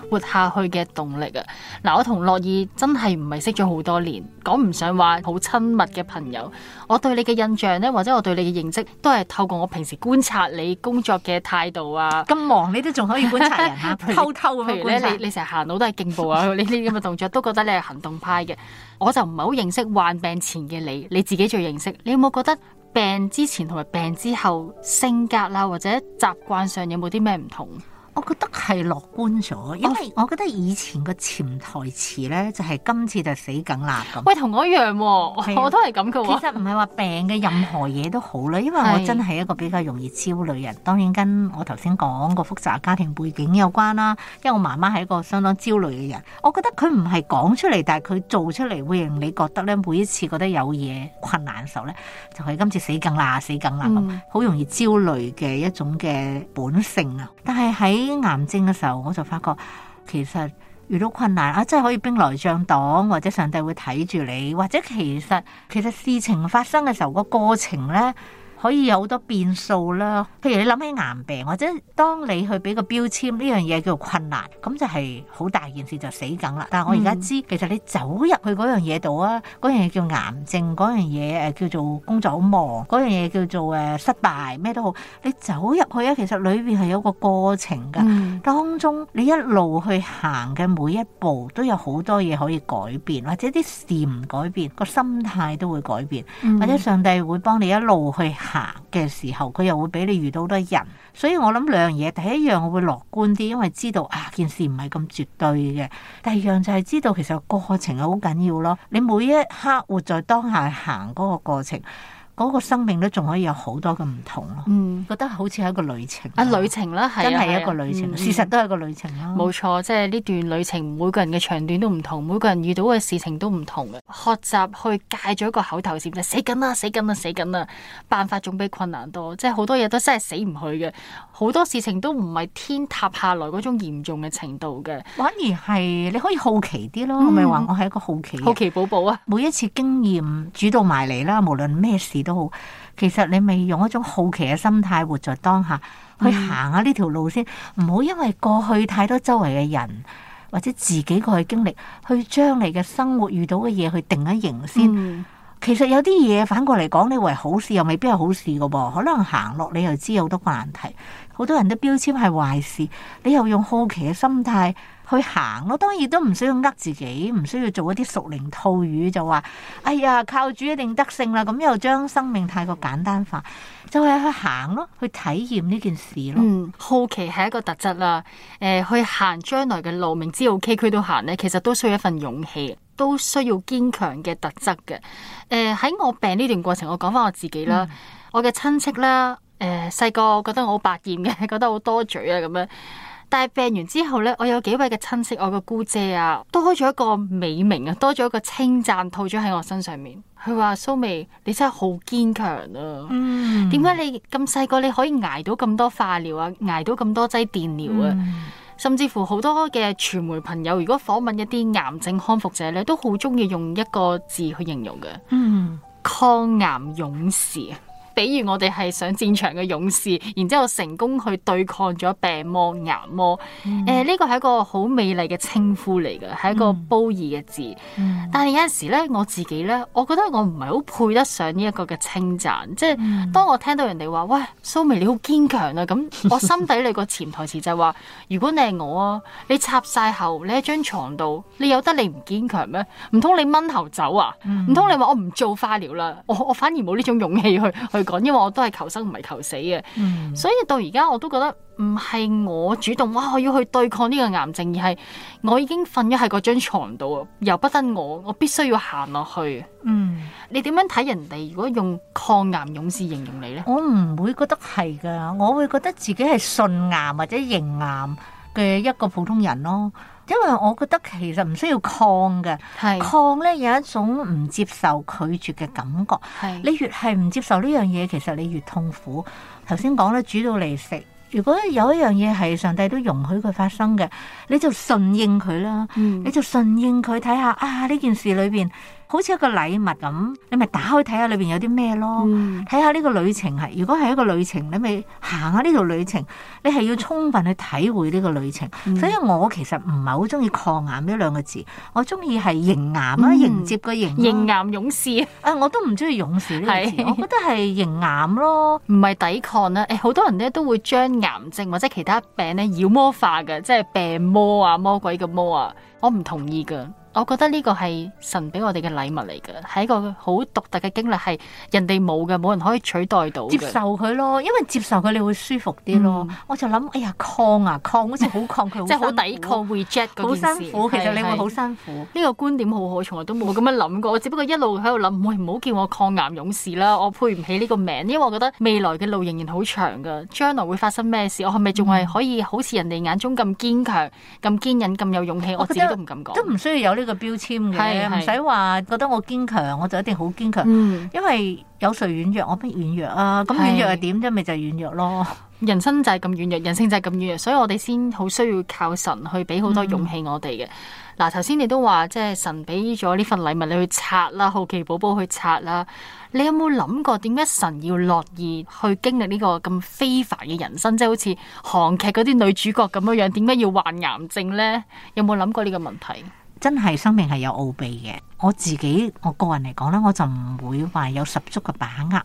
活下去嘅動力啊！嗱、嗯，我同樂兒。嗯嗯嗯嗯真係唔係識咗好多年，講唔上話好親密嘅朋友。我對你嘅印象呢，或者我對你嘅認識，都係透過我平時觀察你工作嘅態度啊。咁忙你都仲可以觀察人啊？ <laughs> 譬如偷偷咁觀察？譬如你成日行路都係勁步啊，呢啲咁嘅動作，都覺得你係行動派嘅。我就唔係好認識患病前嘅你，你自己最認識。你有冇覺得病之前同埋病之後性格啦，或者習慣上有冇啲咩唔同？我覺得係樂觀咗，因為我覺得以前個潛台詞咧，就係、是、今次就死梗啦咁。喂，同我一樣喎、啊，實我都係咁嘅。其實唔係話病嘅任何嘢都好啦，因為我真係一個比較容易焦慮人。是當然跟我頭先講個複雜家庭背景有關啦，因為我媽媽係一個相當焦慮嘅人。我覺得佢唔係講出嚟，但係佢做出嚟會令你覺得咧，每一次覺得有嘢困難嘅時候咧，就係今次死梗啦，死梗啦咁，好、嗯、容易焦慮嘅一種嘅本性啊。但係喺啲癌症嘅時候，我就發覺其實遇到困難啊，真係可以兵來將擋，或者上帝會睇住你，或者其實其實事情發生嘅時候個過程呢。可以有好多變數啦，譬如你諗起癌病，或者當你去俾個標籤呢樣嘢叫做困難，咁就係好大件事就死梗啦。但係我而家知，嗯、其實你走入去嗰樣嘢度啊，嗰樣嘢叫癌症，嗰樣嘢誒叫做工作好忙，嗰樣嘢叫做誒失敗，咩都好，你走入去啊，其實裏邊係有個過程㗎，嗯、當中你一路去行嘅每一步都有好多嘢可以改變，或者啲事唔改變，個心態都會改變，嗯、或者上帝會幫你一路去。行嘅時候，佢又會俾你遇到多人，所以我諗兩樣嘢，第一樣我會樂觀啲，因為知道啊件事唔係咁絕對嘅；第二樣就係知道其實過程係好緊要咯，你每一刻活在當下行嗰個過程。嗰個生命咧，仲可以有好多嘅唔同咯、啊。嗯，覺得好似係一個旅程啊，啊旅程啦、啊，啊、真係一個旅程，啊啊嗯、事實都係一個旅程啦、啊。冇、嗯、錯，即係呢段旅程，每個人嘅長短都唔同，每個人遇到嘅事情都唔同嘅。學習去戒咗一個口頭禪、就係，死緊啦，死緊啦，死緊啦！辦法總比困難多，即係好多嘢都真係死唔去嘅，好多事情都唔係天塌下來嗰種嚴重嘅程度嘅，嗯、反而係你可以好奇啲咯。嗯、係係我咪話我係一個好奇好奇寶寶啊！每一次經驗主導埋嚟啦，無論咩事。都好，其實你咪用一種好奇嘅心態活在當下，嗯、去行下呢條路先，唔好因為過去太多周圍嘅人或者自己過去經歷，去將你嘅生活遇到嘅嘢去定咗型先。嗯、其實有啲嘢反過嚟講，你為好事又未必係好事噶噃，可能行落你又知有好多難題，好多人都標籤係壞事，你又用好奇嘅心態。去行咯，當然都唔需要呃自己，唔需要做一啲熟齡套語，就話：哎呀，靠主一定得勝啦！咁又將生命太過簡單化，就係、是、去行咯，去體驗呢件事咯、嗯。好奇係一個特質啦。誒、呃，去行將來嘅路，明知好崎嶇都行咧，其實都需要一份勇氣，都需要堅強嘅特質嘅。誒、呃，喺我病呢段過程，我講翻我自己啦，嗯、我嘅親戚啦，誒、細個覺得我好百厭嘅，覺得好多嘴啊咁樣。但係病完之後咧，我有幾位嘅親戚，我個姑姐啊，多咗一個美名啊，多咗一個稱讚套咗喺我身上面。佢話蘇眉，May，你真係好堅強啊！點解、嗯、你咁細個你可以挨到咁多化療啊，挨到咁多劑電療啊？嗯、甚至乎好多嘅傳媒朋友，如果訪問一啲癌症康復者咧，都好中意用一個字去形容嘅，嗯，抗癌勇士。比如我哋係上戰場嘅勇士，然之後成功去對抗咗病魔、癌魔。誒、嗯、呢、呃呢個係一個好美麗嘅稱呼嚟嘅，係一個褒義嘅字。嗯、但係有陣時咧，我自己咧，我覺得我唔係好配得上呢一個嘅稱讚。即係、嗯、當我聽到人哋話喂，蘇眉你好堅強啊，咁、嗯、我心底裏個潛台詞就係話，如果你係我啊，你插晒喉，你喺張床度，你有得你唔堅強咩？唔通你掹頭走啊？唔通你話我唔做化療啦？我我反而冇呢種勇氣去去。去講，因為我都係求生唔係求死嘅，嗯，所以到而家我都覺得唔係我主動，哇，我要去對抗呢個癌症，而係我已經瞓咗喺嗰張牀度，由不得我，我必須要行落去。嗯，你點樣睇人哋？如果用抗癌勇士形容你呢？我唔會覺得係㗎，我會覺得自己係順癌或者迎癌嘅一個普通人咯。因為我覺得其實唔需要抗嘅，是抗咧有一種唔接受拒絕嘅感覺。是你越係唔接受呢樣嘢，其實你越痛苦。頭先講咧煮到嚟食，如果有一樣嘢係上帝都容許佢發生嘅，你就順應佢啦。嗯、你就順應佢睇下啊呢件事裏邊。好似一個禮物咁，你咪打開睇下裏邊有啲咩咯，睇下呢個旅程係。如果係一個旅程，你咪行下呢條旅程，你係要充分去體會呢個旅程。嗯、所以我其實唔係好中意抗癌呢兩個字，我中意係迎癌啊，迎接個迎，迎癌勇士。啊，我都唔中意勇士呢個字，是我覺得係迎癌咯，唔係抵抗啦。誒，好多人咧都會將癌症或者其他病咧妖魔化嘅，即係病魔啊，魔鬼嘅魔啊，我唔同意噶。我覺得呢個係神俾我哋嘅禮物嚟嘅，係一個好獨特嘅經歷，係人哋冇嘅，冇人可以取代到。接受佢咯，因為接受佢你會舒服啲咯。嗯、我就諗，哎呀，抗啊抗，好似好抗拒，即係好抵抗 reject 嗰件事，好辛苦，其實你會好辛苦。呢個觀點好好，我從來都冇咁樣諗過。我只不過一路喺度諗，唔係唔好叫我抗癌勇士啦，我配唔起呢個名，因為我覺得未來嘅路仍然好長㗎。將來會發生咩事？我係咪仲係可以好似人哋眼中咁堅強、咁、嗯、堅忍、咁有勇氣？我自己都唔敢講。都唔需要有呢、呢個個標籤嘅，唔使話覺得我堅強，我就一定好堅強。嗯、因為有誰軟弱，我不軟弱啊。咁軟弱係點啫？咪是 就係軟弱咯人弱。人生就係咁軟弱，人性就係咁軟弱，所以我哋先好需要靠神去俾好多勇氣我哋嘅嗱。頭先、嗯、你都話，即係神俾咗呢份禮物，你去拆啦，好奇寶寶去拆啦。你有冇諗過點解神要樂意去經歷呢個咁非凡嘅人生？即係好似韓劇嗰啲女主角咁樣樣，點解要患癌症咧？有冇諗過呢個問題？真係生命係有奧秘嘅，我自己我個人嚟講咧，我就唔會話有十足嘅把握。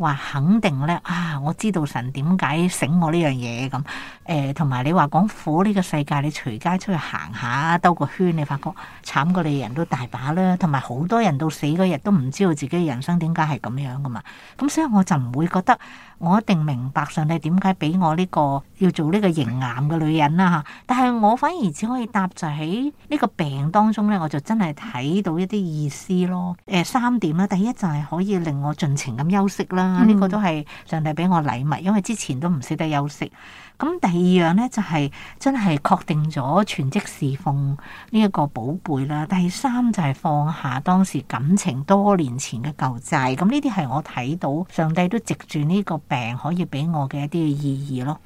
話肯定咧啊！我知道神點解醒我呢樣嘢咁誒，同、呃、埋你話講苦呢個世界，你隨街出去行下兜個圈，你發覺慘過你人都大把啦，同埋好多人到死嗰日都唔知道自己人生點解係咁樣噶嘛。咁所以我就唔會覺得我一定明白上帝點解俾我呢、呢個要做呢個型癌嘅女人啦嚇。但係我反而只可以搭就喺呢個病當中咧，我就真係睇到一啲意思咯。誒、呃，三點啦，第一就係、係、可以令我盡情咁休息啦。呢、嗯、個都係上帝俾我禮物，因為之前都唔識得休息。咁第二樣呢，就係、是、真係確定咗全職侍奉呢一個寶貝啦。第三就係放下當時感情多年前嘅舊債。咁呢啲係我睇到上帝都藉住呢個病可以俾我嘅一啲意義咯。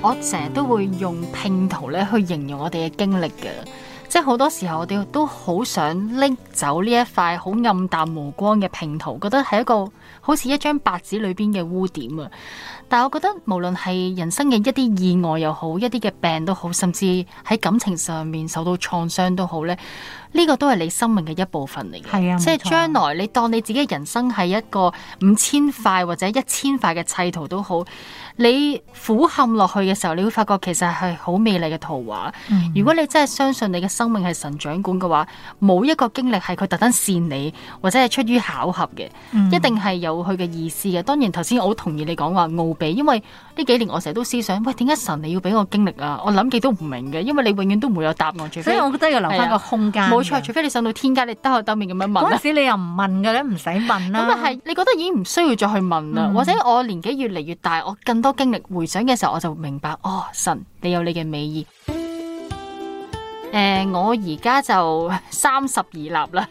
我成日都會用拼圖咧去形容我哋嘅經歷嘅。即係好多時候我哋都好想拎走呢一塊好暗淡無光嘅拼圖，覺得係一個好似一張白紙裏邊嘅污點啊！但係我覺得無論係人生嘅一啲意外又好，一啲嘅病都好，甚至喺感情上面受到創傷都好咧，呢個都係你生命嘅一部分嚟嘅。係啊、即係將來你當你自己人生係一個五千塊或者一千塊嘅砌圖都好。你俯瞰落去嘅時候，你會發覺其實係好美麗嘅圖畫。Mm hmm. 如果你真係相信你嘅生命係神掌管嘅話，冇一個經歷係佢特登善你，或者係出於巧合嘅，mm hmm. 一定係有佢嘅意思嘅。當然，頭先我好同意你講話奧比，因為。呢幾年我成日都思想，喂，點解神你要俾我經歷啊？我諗幾都唔明嘅，因為你永遠都唔會有答案。除非我覺得要留翻個空間。冇錯，除非你上到天階，你兜口兜面咁樣問。嗰陣時你又唔問嘅咧，唔使問啦。咁咪係你覺得已經唔需要再去問啦，或者我年紀越嚟越大，我更多經歷回想嘅時候，我就明白，哦，神，你有你嘅美意。誒，我而家就三十而立啦，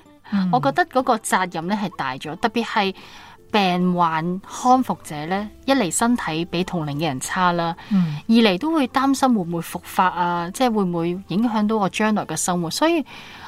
我覺得嗰個責任咧係大咗，特別係。病患康復者咧，一嚟身體比同齡嘅人差啦；嗯、二嚟都會擔心會唔會復發啊，即係會唔會影響到我將來嘅生活。所以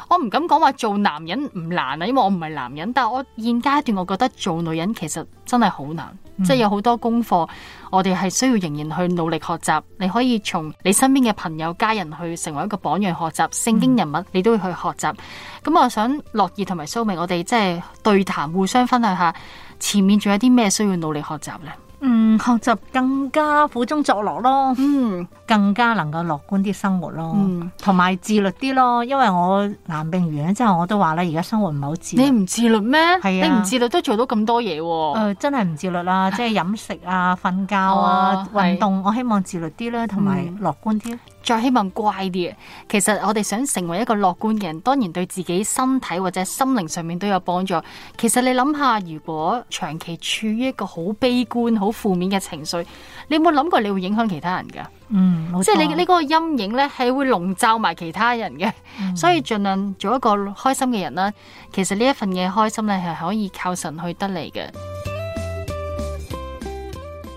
我唔敢講話做男人唔難啊，因為我唔係男人，但係我現階段我覺得做女人其實真係好難，嗯、即係有好多功課，我哋係需要仍然去努力學習。你可以從你身邊嘅朋友、家人去成為一個榜樣，學習聖經人物，你都要去學習。咁、嗯、我想樂意同埋蘇明，我哋即係對談，互相分享下。前面仲有啲咩需要努力學習咧？嗯，學習更加苦中作樂咯。嗯，更加能夠樂觀啲生活咯。同埋、嗯、自律啲咯。因為我癌病完咗之後，我都話咧而家生活唔係好自。你唔自律咩？係啊，你唔自律都做到咁多嘢喎、啊。誒、呃，真係唔自律啦，即係飲食啊、瞓 <laughs> 覺啊、運、哦啊、動，的我希望自律啲啦，同埋樂觀啲。嗯再希望乖啲，其實我哋想成為一個樂觀嘅人，當然對自己身體或者心靈上面都有幫助。其實你諗下，如果長期處於一個好悲觀、好負面嘅情緒，你有冇諗過你會影響其他人㗎？嗯，即係你呢個陰影呢係會籠罩埋其他人嘅。嗯，所以盡量做一個開心嘅人啦。其實呢一份嘅開心呢係可以靠神去得嚟嘅。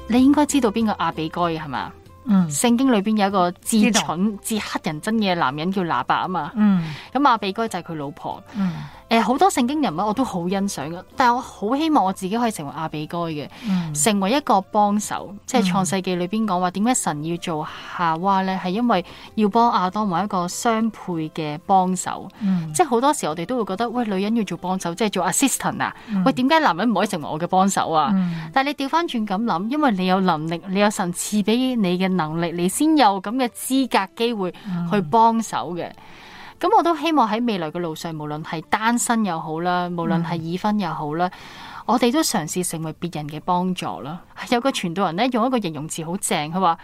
你應該知道邊個阿比哥係嘛？嗯、聖經裏邊有一個至蠢至乞道人憎嘅男人叫喇叭啊嘛，咁、嗯、阿比哥就係佢老婆。嗯誒好多聖經人物我都好欣賞嘅，但係我好希望我自己可以成為亞比該嘅，嗯、成為一個幫手。即係創世記裏邊講話點解神要做夏娃咧，係因為要幫亞當揾一個相配嘅幫手。嗯、即係好多時我哋都會覺得，喂女人要做幫手，即係做 assistant 啊？嗯、喂點解男人唔可以成為我嘅幫手啊？嗯、但係你調翻轉咁諗，因為你有能力，你有神賜俾你嘅能力，你先有咁嘅資格機會去幫手嘅。咁我都希望喺未來嘅路上，無論係單身又好啦，無論係已婚又好啦，嗯、我哋都嘗試成為別人嘅幫助啦。有個傳道人咧，用一個形容詞好正，佢話。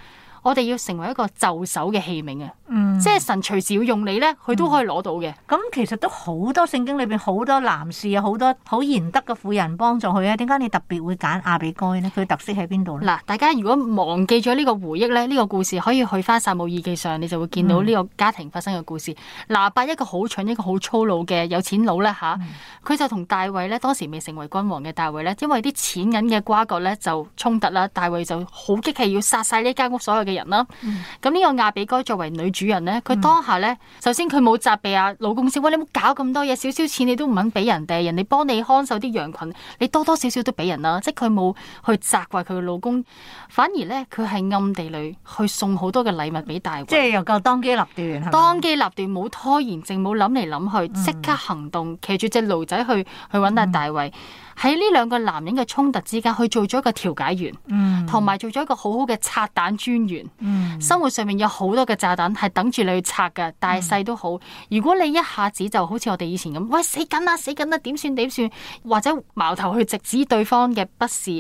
我哋要成為一個就手嘅器皿嘅，嗯、即係神隨時要用你咧，佢都可以攞到嘅。咁、嗯、其實都好多聖經裏邊好多男士啊，好多好賢德嘅婦人幫助佢啊。點解你特別會揀亞比該咧？佢特色喺邊度？嗱，大家如果忘記咗呢個回憶咧，呢、呢個故事可以去翻《撒母耳記上》，你就會見到呢個家庭發生嘅故事。拿八、嗯、一個好蠢，一個好粗魯嘅有錢佬咧嚇，佢、嗯、就同大衛咧，當時未成為君王嘅大衛咧，因為啲錢銀嘅瓜葛咧就衝突啦，大衛就好激氣要殺晒呢間屋所有嘅。人啦，咁呢、嗯、個亞比該作為女主人呢，佢當下呢，首先佢冇責備阿老公先，喂，你冇搞咁多嘢，少少錢你都唔肯俾人哋，人哋幫你看守啲羊群，你多多少少都俾人啦，即係佢冇去責怪佢嘅老公，反而呢，佢係暗地裏去送好多嘅禮物俾大衛，即係又夠當機立斷，當機立斷冇拖延症，冇諗嚟諗去，即刻行動，騎住隻驢仔去去揾阿大衛。嗯喺呢兩個男人嘅衝突之間，佢做咗一個調解員，同埋、嗯、做咗一個好好嘅拆彈專員。嗯、生活上面有好多嘅炸彈係等住你去拆嘅，大細都好。如果你一下子就好似我哋以前咁，喂死緊啦，死緊啦，點算點算，或者矛頭去直指對方嘅不是，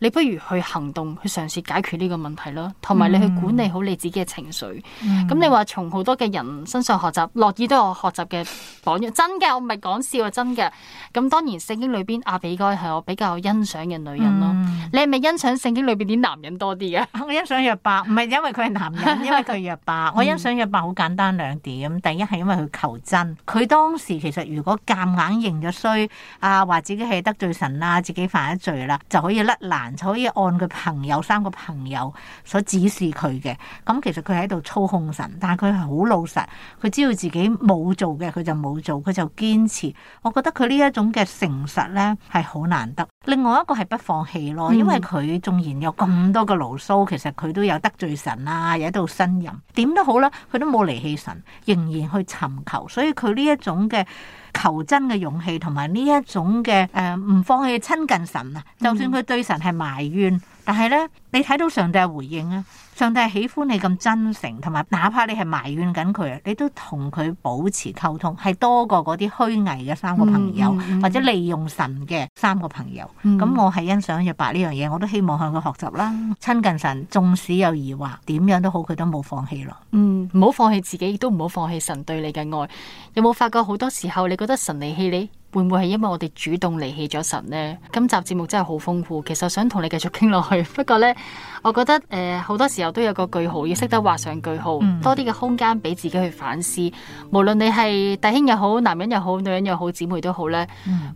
你不如去行動去嘗試解決呢個問題咯。同埋你去管理好你自己嘅情緒。咁、嗯嗯、你話從好多嘅人身上學習，樂意都有學習嘅榜樣， <laughs> 真嘅，我唔係講笑，啊，真嘅。咁當然聖經裏邊阿比。應該係我比較欣賞嘅女人咯。嗯、你係咪欣賞聖經裏邊啲男人多啲啊？我欣賞約伯，唔係因為佢係男人，因為佢係約伯。 <laughs> 嗯、我欣賞約伯好簡單兩點。第一係因為佢求真。佢當時其實如果夾硬，硬認咗衰，啊，話自己係得罪神啦，自己犯咗罪啦，就可以甩難，就可以按佢朋友三個朋友所指示佢嘅。咁、嗯、其實佢喺度操控神，但係佢係好老實。佢知道自己冇做嘅，佢就冇做，佢就堅持。我覺得佢呢一種嘅誠實咧，係。好難得。另外一個係不放棄咯，因為佢縱然有咁多個牢騷，其實佢都有得罪神啊，有喺度呻吟。點都好啦，佢都冇離棄神，仍然去尋求。所以佢呢一種嘅求真嘅勇氣，同埋呢一種嘅誒唔放棄親近神啊。就算佢對神係埋怨，但係呢，你睇到上帝嘅回應啊！上帝係喜歡你咁真誠，同埋哪怕你係埋怨緊佢，你都同佢保持溝通，係多過嗰啲虛偽嘅三個朋友，嗯嗯嗯、或者利用神嘅三個朋友。咁、嗯、我係欣賞約伯呢樣嘢，我都希望向佢學習啦。親近神，縱使有疑惑，點樣都好，佢都冇放棄咯。嗯，唔好放棄自己，亦都唔好放棄神對你嘅愛。有冇發覺好多時候你覺得神離棄你？會唔會係因為我哋主動離棄咗神呢？今集節目真係好豐富，其實想同你繼續傾落去。不過呢，我覺得誒，好多時候都有個句號，要識得畫上句號，嗯、多啲嘅空間俾自己去反思。無論你係弟兄又好，男人又好，女人又好，姊妹都好呢，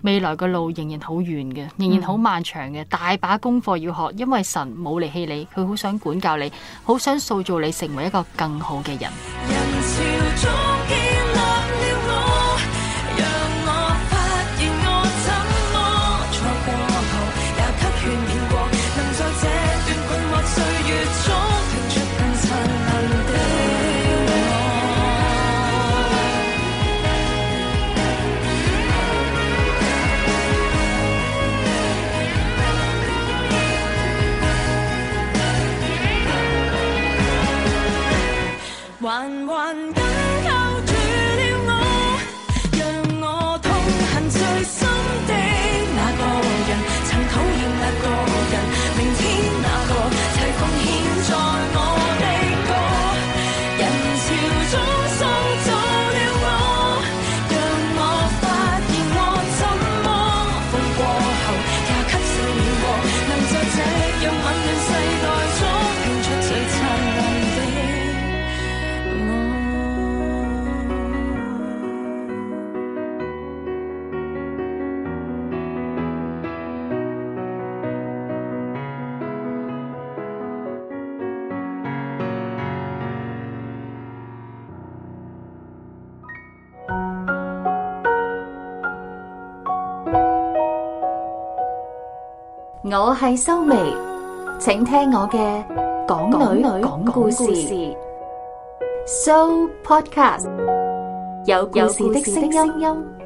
未來嘅路仍然好遠嘅，仍然好漫長嘅，嗯、大把功課要學。因為神冇離棄你，佢好想管教你，好想塑造你成為一個更好嘅人。人我係 Soulmate，請聽我嘅港女講故事，So Podcast 有故事的聲音。